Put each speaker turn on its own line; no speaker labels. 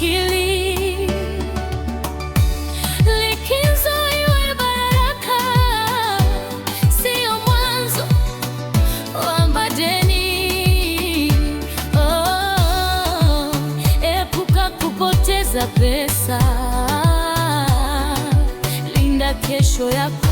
akili. Likizo iwe baraka, siyo mwanzo wa madeni. Oh, epuka kupoteza pesa, linda kesho yako.